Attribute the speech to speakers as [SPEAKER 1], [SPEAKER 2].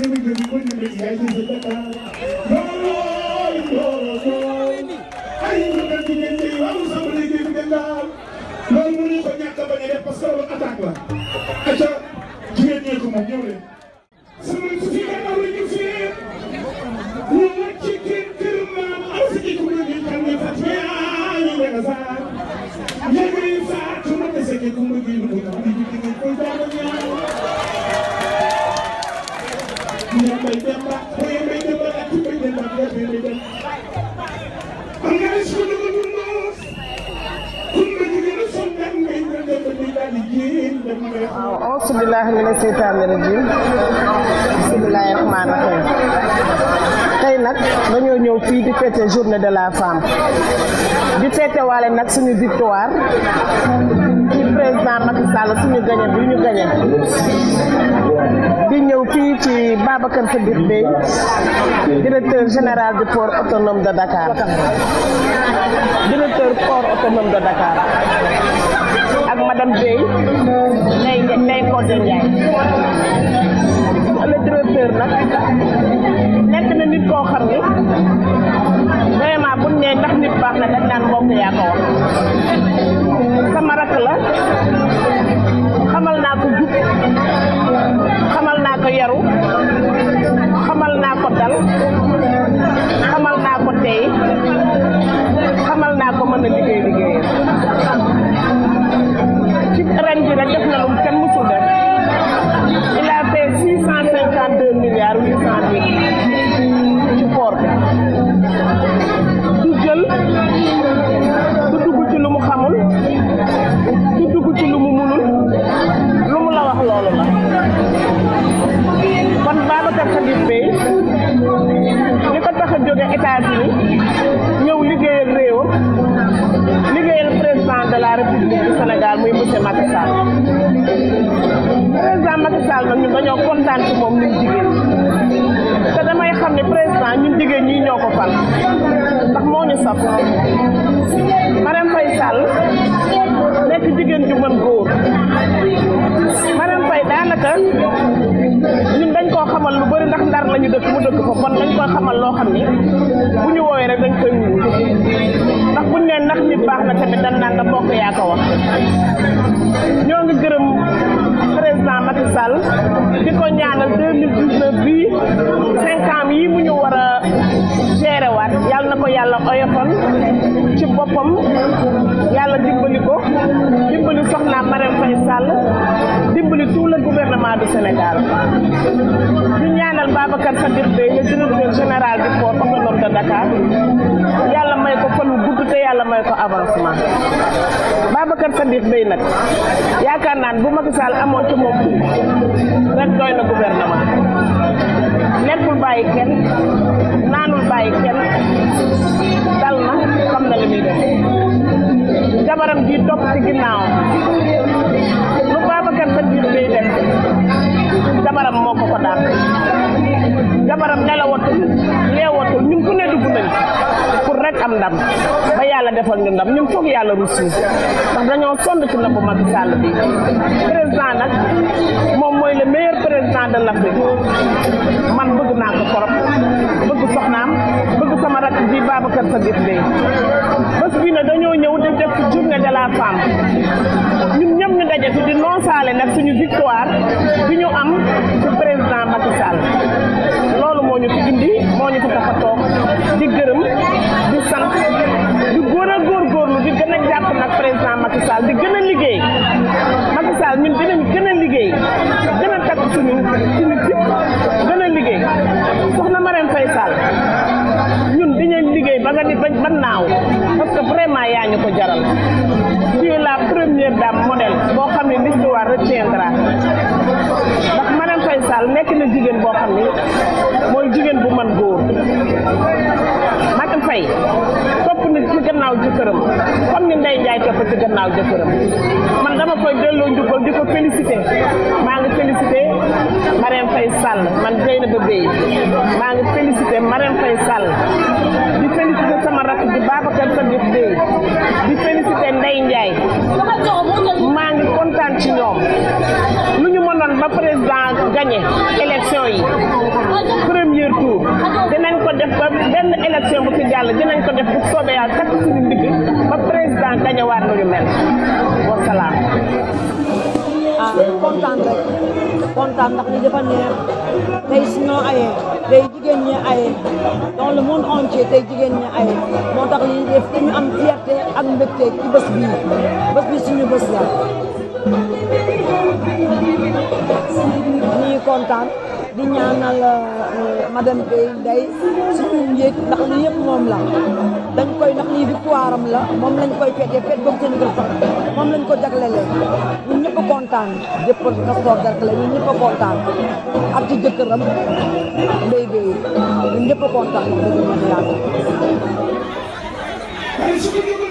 [SPEAKER 1] loolu mënuñu ko ñàkk a bañ a def parce que loolu attaque la. ayca jigéen ñi ko moom ñëw leen. may demba booy ne suñu dama ñu noos. tey nag dañoo ñëw fii di fêter journée de la femme. di fêter waale nag suñu victoire. ci président Macky suñu gañe bi ñu gañe. di ñëw fii ci Babacar Sadikh Bèye directeur général du port autonome de Dakar directeur port autonome de Dakar ak madame Bèye Ndeye Ndeye Codé Ndiaye directeur nag nekk na nit koo xam ni vraiment buñ ne ndax nit baax na dañ mbokk yaa ko wax sama rakk la loolu la kon Babacar Khadim Bèye li ko tax a jóge États-Unis ñëw liggéeyal réewam liggéeyal président de la République du Sénégal muy monsieur Macky Sall président Macky Sall nag ñun kontaan ci moom ñun jigéen te damay xam ne président ñun jigéen ñi ñoo ko fal ndax dëkk mu dëkk fa kon dañ koy xamal loo xam ni bu ñu woowee rek dañ koy wuyu ndax buñ nee ndax nit baax na tamit dañ naan la bokk yaa ko wax ñoo ngi gërëm président Macky Sall ko ñaanal deux mille dix neuf bii cinq ans mu ñu war a waat yàlla na ko yàlla oyofal ci boppam yàlla dimbali ko dimbali soxna Marème Faye Sall gouvernement du Sénégal ñu ñaanal Babacar Sadikh Bèye le directeur général du port autonome de Dakar yàlla may ko fan gudd te yàlla may ko avancement Babacar Sadikh Bèye nag yaakaar naan bu Macky amoon ci moom rek doy na gouvernement nekkul bàyyi kenn naanul bàyyi kenn dal na xam na li muy def jabaram ji topp ci ginnaaw dem moo ko ko dàq jabaram nelawatul leewatul ñun ku ne dugg nañ rek am ndam ba yàlla defal ñu ndam ñun foog yàlla rus ñu ndax dañoo sonn ci nabu Macky Sall bi président nag moom mooy le meilleur président de l'Afrique man bëgg naa ko torop bëgg soxnaam bëgg sama rakk bi Babacar Sadikh Bèye bés bii ne dañoo ñëw di def journée de la femme dajetu di nonsaale nag suñu victoire bi ñu am ci président Macky Sall loolu moo ñu fi indi moo ñu fi tax toog di gërëm di sant di gën a góorgóorlu di gën a jàpp nag président Macky Sall di gën a liggéey Macky Sall ñun dinañ gën a liggéey gën a takk suñu suñu fit gën a liggéey soxna Marème Faye Sall ñun dinañ liggéey ba nga ni ba naaw parce que vraiment première dame fay topp nit ci gannaaw jëkkëram comme ni Ndeye Ndiaye topp ci gannaaw jëkkëram man dama koy delloo njukkal di ko félicité maa ngi félicité Marème Faye Sall man Zeyna ba Bey maa ngi félicité Marème Faye Sall di félicité sama rakk di Babacar Sadif Bey maa ngi kontaan ci ñoom lu ñu mënoon ba président gagné élection yi ko def ba benn élection bu fi jàll dinañ ko def bu soobee yàlla takk suñu ndigg ba président gañewaat lu ñu mel wasalaam ah kontaan rek kontaan ndax li dafa neex tey sinon ayee tey jigéen ñi ayee dans le monde entier tey jigéen ñi ayee moo tax li def dañu am fierté ak mbégte ci bés bii bés bi suñu bés la ñuy di ñaanal euh, madame Guèye Ndeye suñu njiit ndax lii yëpp moom la dañ koy ndax lii victoire am la moom lañ koy fekkee fekk boobu seen ngir sax moom lañ ko jaglelee ñun ñëpp a kontaan jëppal Castor Derklé ñun ñëpp a kontaan ak ci jëkkëram Ndeye Guèye ñëpp a kontaan dëgg yàlla